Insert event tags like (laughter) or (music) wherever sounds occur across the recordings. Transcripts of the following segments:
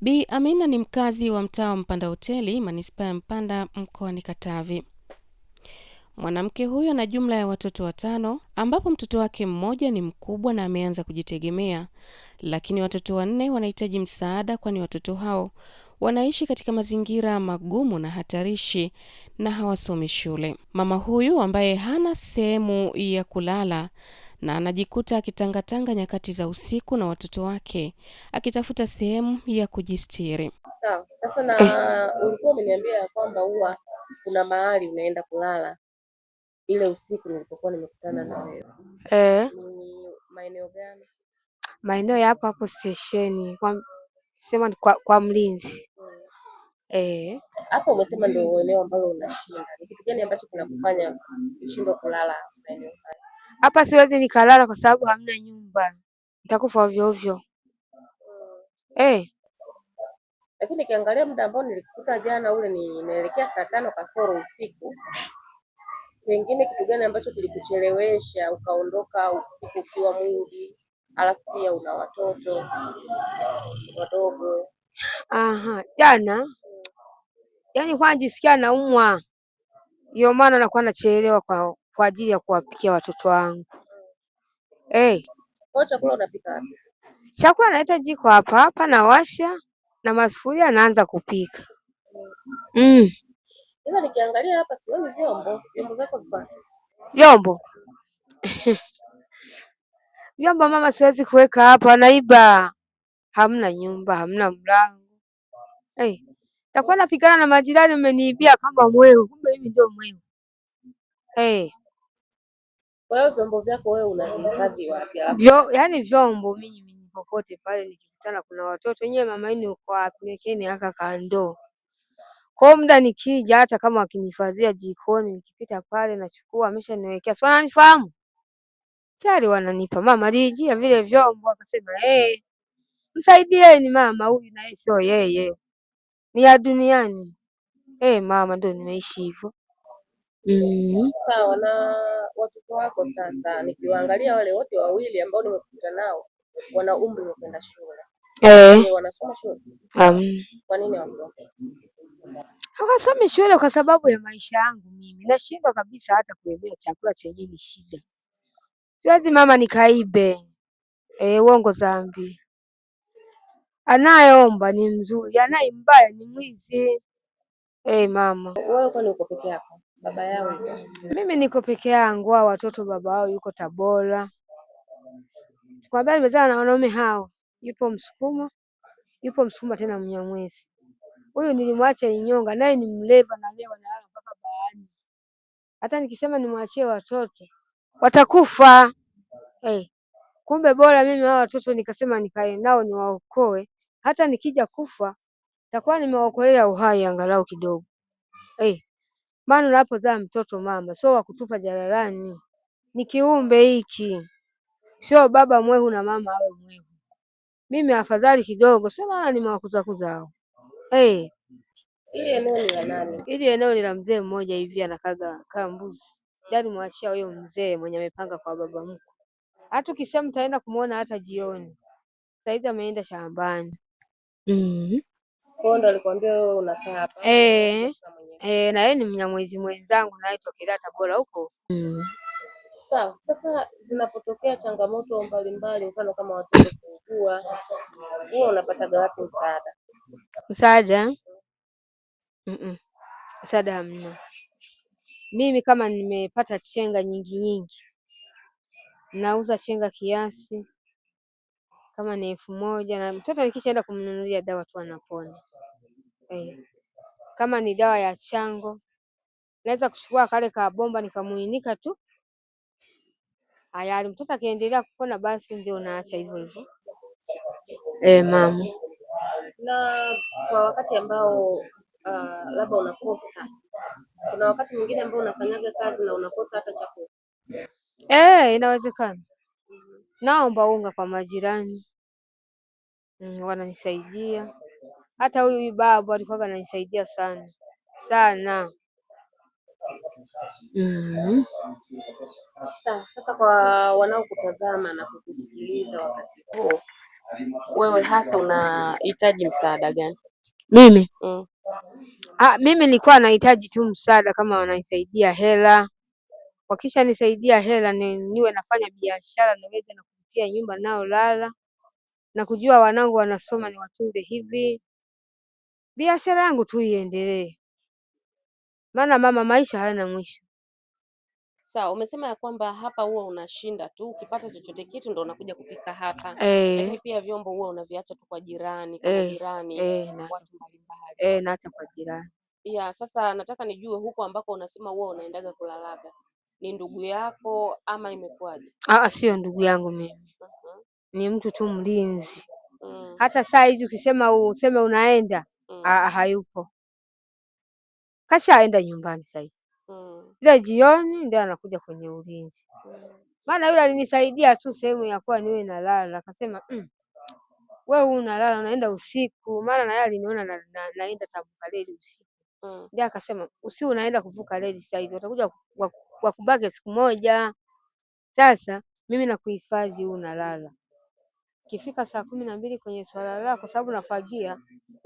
Bi Amina ni mkazi wa mtaa wa Mpanda Hoteli, manispaa ya Mpanda mkoani Katavi. Mwanamke huyo ana jumla ya watoto watano, ambapo mtoto wake mmoja ni mkubwa na ameanza kujitegemea, lakini watoto wanne wanahitaji msaada, kwani watoto hao wanaishi katika mazingira magumu na hatarishi na hawasomi shule. Mama huyu ambaye hana sehemu ya kulala na anajikuta akitangatanga nyakati za usiku na watoto wake akitafuta sehemu ya kujistiri. Sasa na eh. ulikuwa umeniambia kwamba huwa kuna mahali unaenda kulala ile usiku nilipokuwa nimekutana na wewe. Eh. Ni maeneo gani? Maeneo ya hapo hapo stesheni kwa sema kwa, kwa mlinzi hmm. eh. Hapo umesema ndio eneo ambalo unashinda. Ni kitu gani ambacho kinakufanya kushindwa kulala maeneo haya? Hapa siwezi nikalala kwa sababu hamna nyumba, nitakufa ovyo ovyo. Mm. Eh, lakini nikiangalia muda ambao nilikukuta jana ule, nimeelekea saa tano kasoro usiku. Pengine kitu gani ambacho kilikuchelewesha ukaondoka usiku ukiwa mwingi, alafu pia una watoto wadogo? Aha, jana mm. yaani kwa najisikia naumwa, ndio maana nakuwa nachelewa kwa kwa ajili ya kuwapikia watoto wangu. Hey, chakula unapika wapi? Chakula naleta jiko hapa hapa, nawasha na masufuria, naanza kupika. Mm. Ila nikiangalia hapa sioni vyombo. Vyombo zako vipi? Vyombo. (laughs) Vyombo mama, siwezi kuweka hapa, naiba. Hamna nyumba, hamna mlango. Hey, takuwa napigana na majirani, umeniibia kama mwewe, kumbe hivi ndio mwewe. Hey. Kwa hiyo vyombo vyako wewe unahifadhi wapi? Yo, Yaani vyombo mimi popote pale nikikutana kuna watoto wenyewe, mama yenu uko wapi? Wekeni haka kandoo. Kwa muda nikija, hata kama wakinihifadhia jikoni, nikipita pale nachukua, ameshaniwekea. Si wananifahamu tayari, wananipa mama lijia vile vyombo, akasema hey, eh, msaidieni mama, huyu naye sio yeye, ni ya duniani. Hey, eh, mama, ndo nimeishi hivyo. Mm-hmm. Sawa na watoto wako sasa, nikiwaangalia wale wote wawili ambao nimekuta nao wana umri wa kwenda shule. Eh. Wanasoma shule. Um. Kwa nini Hawasomi shule kwa sababu ya maisha yangu mimi. Nashindwa kabisa hata kuelewa chakula chenye ni shida. Siwezi mama nikaibe. Eh, uongo zambi Anayeomba ni mzuri, anaye mbaya ni mwizi. Eh, mama. Wewe uko peke yako? baba yao Mimi niko peke yangu, hao watoto baba wao yuko Tabora. Kwa habari nimezaa na wanaume hao, yupo Msukuma, yupo Msukuma tena Mnyamwezi. Huyu nilimwacha Inyonga, naye ni mleva na leo analala mpaka baani. Hata nikisema nimwachie watoto watakufa. Hey, eh, kumbe bora mimi hao watoto nikasema nikae nao niwaokoe, hata nikija kufa takuwa nimewaokolea uhai angalau kidogo. Hey, eh, maana unapozaa mtoto mama sio wa kutupa jalalani, ni kiumbe hiki, sio baba mwehu na mama awe mwehu. Mimi afadhali kidogo, sio maana nimewakuzakuza hey. Ili eneo ni la nani? Ili eneo ni la mzee mmoja hivi anakaga kaa mbuzi, yaani mwachia huyo mzee mwenye amepanga kwa baba mko. Hata ukisema mtaenda kumwona hata jioni, saizi ameenda shambani. mm -hmm. Kondo alikwambia wewe unakaa hapa eh? E, na yeye ni Mnyamwezi mwenzangu nayetokelea Tabora huko mm. Sawa. Sasa zinapotokea changamoto mbalimbali, mfano kama watoto kuugua, huwa unapataga wapi msaada? Msaada mm -mm. Msaada hamna. Mimi kama nimepata chenga nyingi nyingi, nauza chenga kiasi kama ni elfu moja na mtoto nikishaenda kumnunulia dawa tu anapona eh kama ni dawa ya chango, naweza kuchukua kale kabomba nikamuinika tu, ayari mtoto akiendelea kupona basi ndio naacha hivyo hivyo. E, mama, na kwa wakati ambao uh, labda unakosa, kuna wakati mwingine ambao unafanyaga kazi na unakosa hata chakula e, inawezekana mm-hmm. naomba unga kwa majirani mm, wananisaidia. Hata huyu babu alikuwa ananisaidia sana sana. Mm. Sa, sasa kwa wanaokutazama na kukusikiliza wakati huu, wewe hasa unahitaji msaada gani? Mimi mm. Ah, mimi nilikuwa nahitaji tu msaada kama wananisaidia hela, wakisha nisaidia hela ni, niwe nafanya biashara niweze na kulipia nyumba nao lala na kujua wanangu wanasoma niwatunze hivi biashara yangu tu iendelee, maana mama, maisha hayana mwisho. Sawa, umesema ya kwamba hapa huwa unashinda tu, ukipata chochote kitu ndo unakuja kupika hapa, lakini eh. pia vyombo huwa unaviacha tu kwa jirani kwa e, jirani e, watu mbalimbali e, naacha kwa jirani ya. Sasa nataka nijue huko ambako unasema huwa unaendaga kulalaga ni ndugu yako ama imekuwaje? Ah, ah sio ndugu yangu mimi uh -huh. Ni mtu tu mlinzi mm. Hata saa hizi ukisema useme unaenda Aa, mm. hayupo aenda nyumbani saizi mm. Ile jioni ndio anakuja kwenye ulinzi mm. maana Yule alinisaidia tu sehemu ya kuwa niwe nalala, akasema mm, we unalala unaenda usiku, maana naye aliniona na, na, naenda tavuka reli usiku mm. Ndio akasema usi unaenda kuvuka reli hivi watakuja wakubake siku moja. Sasa mimi nakuhifadhi, huu unalala, kifika saa kumi na mbili kwenye swala lako, kwa sababu nafagia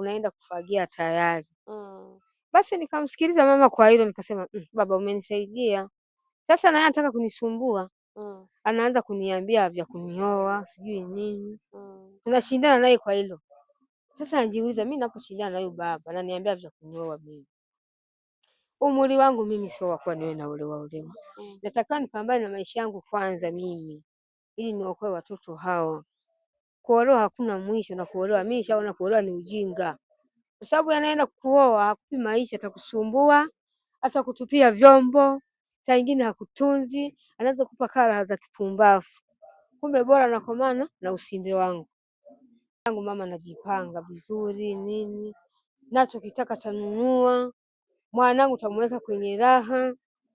unaenda kufagia tayari mm. Basi nikamsikiliza mama kwa hilo, nikasema mm, baba umenisaidia sasa, naye anataka kunisumbua mm. Anaanza kuniambia vya kunioa sijui nini mm. Tunashindana naye kwa hilo sasa. Najiuliza mimi naposhindana naye baba ananiambia vya kunioa mimi umri wangu mimi sio wakuwa niwe na wa ule. mm. Natakiwa nipambane na maisha yangu kwanza mimi ili niokoe watoto hao Kuolewa hakuna mwisho na kuolewa, mimi nishaona kuolewa ni ujinga, kwa sababu anaenda kuoa hakupi maisha, atakusumbua, hata kutupia vyombo, saa nyingine hakutunzi, anaweza kupa kaa za kipumbavu. Kumbe bora nakomana na usimbe wangu yangu. Mama najipanga vizuri, nini kitaka tanunua, mwanangu tamuweka kwenye raha,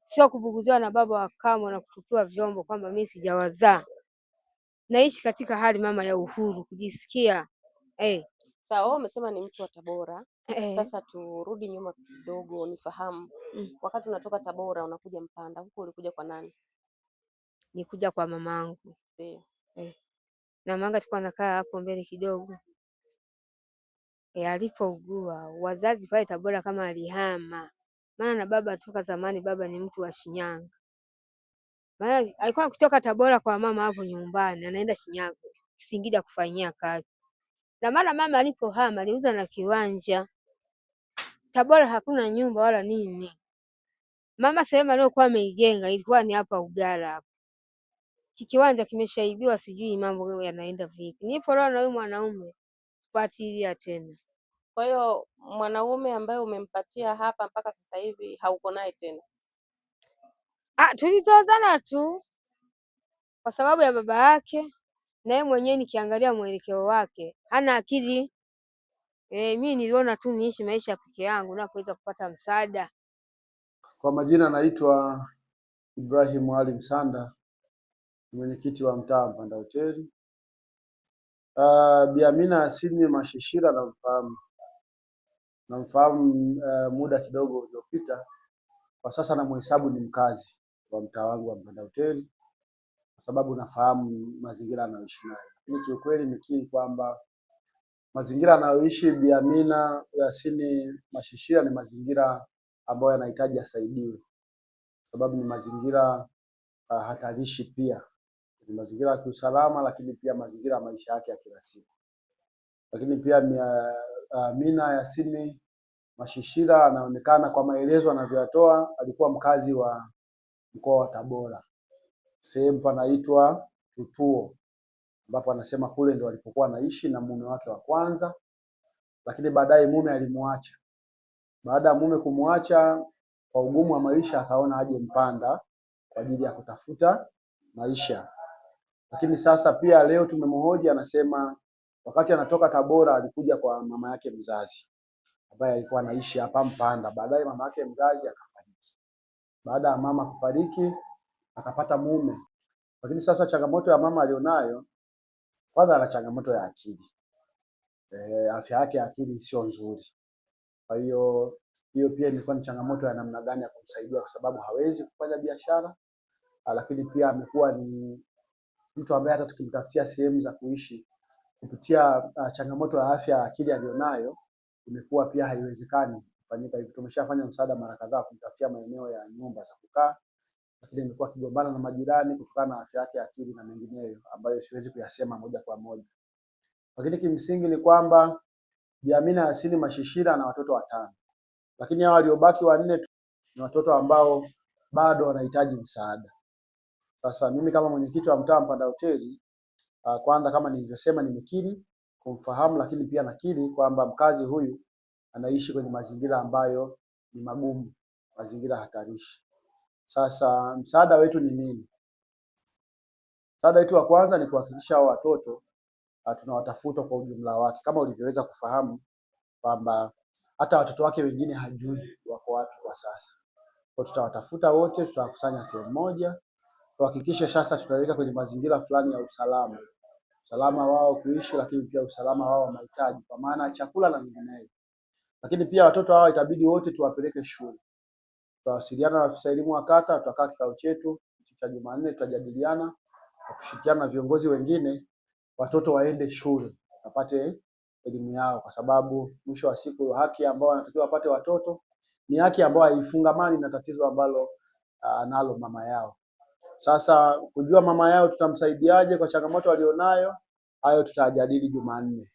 sio kubuguziwa na baba wa kama na kutupiwa vyombo kwamba mimi sijawazaa naishi katika hali mama ya uhuru kujisikia eh. Sawa, wewe umesema ni mtu wa Tabora hey. Eh. Sasa turudi nyuma kidogo nifahamu mm. Wakati unatoka Tabora unakuja Mpanda huko ulikuja kwa nani? Nikuja kwa mamangu hey. Eh. Eh. Hey. Na mamangu alikuwa anakaa hapo mbele kidogo hey. Alipougua wazazi pale Tabora kama alihama, maana na baba toka zamani, baba ni mtu wa Shinyanga maana alikuwa kutoka Tabora kwa mama hapo nyumbani anaenda Shinyanga Singida kufanyia kazi. mara mama alipohama aliuza na kiwanja Tabora, hakuna nyumba wala nini. Mama sehemu aliyokuwa ameijenga ilikuwa ni hapa Ugala hapo kikiwanja kimeshaibiwa, sijui mambo yanaenda vipi. Niporoa na huyu mwanaume fuatilia tena. Kwa hiyo mwanaume ambaye umempatia hapa mpaka sasa hivi hauko naye tena? Ah, tulitozana tu kwa sababu ya baba yake, na mwenyewe nikiangalia mwelekeo wake hana akili. E, mi niliona tu niishi maisha ya peke yangu na kuweza kupata msaada. Kwa majina naitwa Ibrahim Ali Msanda, ni mwenyekiti wa mtaa Mpanda Hoteli. Uh, Bi Amina Asini Mashishira namfahamu, namfahamu uh, muda kidogo uliopita, kwa sasa namhesabu ni mkazi kwa mtaa wangu wa Mpanda Hoteli kwa sababu nafahamu mazingira anayoishi nayo. Lakini kiukweli ni nikiri kwamba mazingira anayoishi Bi Amina Yasini Mashishira ni mazingira ambayo yanahitaji asaidiwe, kwa sababu ni mazingira uh, hatarishi pia ni mazingira ya kiusalama, lakini pia mazingira ya maisha yake ya kila siku. Lakini pia Amina ah, Yasini Mashishira anaonekana kwa maelezo anavyoyatoa, alikuwa mkazi wa mkoa wa Tabora, sehemu panaitwa Tutuo, ambapo anasema kule ndo alipokuwa anaishi na mume wake wa kwanza, lakini baadaye mume alimwacha. Baada ya mume kumwacha, kwa ugumu wa maisha, akaona aje Mpanda kwa ajili ya kutafuta maisha. Lakini sasa pia leo tumemhoji, anasema wakati anatoka Tabora alikuja kwa mama yake mzazi ambaye alikuwa anaishi hapa Mpanda. Baadaye mama yake mzazi akafariki baada ya mama kufariki akapata mume, lakini sasa changamoto ya mama alionayo, kwanza ana changamoto ya akili e, afya yake ya akili sio nzuri. Kwa hiyo hiyo pia ilikuwa ni changamoto ya namna gani ya kumsaidia, kwa sababu hawezi kufanya biashara, ah, lakini pia amekuwa ni mtu ambaye hata tukimtafutia sehemu za kuishi kupitia uh, changamoto ya afya ya akili aliyonayo imekuwa pia haiwezekani kufanyika hivi. Tumeshafanya msaada mara kadhaa kumtafutia maeneo ya nyumba za kukaa, lakini amekuwa akigombana na majirani kutokana na afya yake ya akili na mengineyo ambayo siwezi kuyasema moja kwa moja, lakini kimsingi ni kwamba Bi Amina Yasini Mashishira na watoto watano, lakini hao waliobaki wanne tu ni watoto ambao bado wanahitaji msaada. Sasa mimi kama mwenyekiti wa mtaa Mpanda Hoteli, ah, kwanza kama nilivyosema, nimekiri kumfahamu, lakini pia nakiri kwamba mkazi huyu anaishi kwenye mazingira ambayo ni magumu, mazingira hatarishi. Sasa msaada wetu ni nini? Msaada wetu wa kwanza ni kuhakikisha hao watoto ah, tunawatafuta kwa ujumla wake, kama ulivyoweza kufahamu kwamba hata watoto wake wengine hajui wako wapi kwa sasa. Kwa tutawatafuta wote, tutawakusanya sehemu moja, tuhakikishe sasa tutaweka kwenye mazingira fulani ya usalama, usalama wao kuishi, lakini pia usalama wao wa mahitaji, kwa maana chakula na mengineyo. Lakini pia watoto hawa itabidi wote tuwapeleke shule. Tutawasiliana na afisa elimu wa kata, tutakaa kikao chetu cha Jumanne, tutajadiliana kwa kushirikiana na viongozi wengine, watoto waende shule wapate elimu yao, kwa sababu mwisho wa siku haki ambao wanatakiwa wapate watoto ni haki ambayo haifungamani na tatizo ambalo analo uh, mama yao. Sasa kujua mama yao tutamsaidiaje kwa changamoto walionayo, hayo tutajadili Jumanne.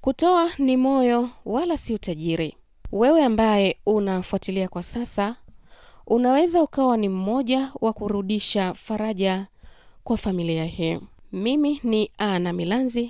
Kutoa ni moyo wala si utajiri. Wewe ambaye unafuatilia kwa sasa, unaweza ukawa ni mmoja wa kurudisha faraja kwa familia hii. Mimi ni Ana Milanzi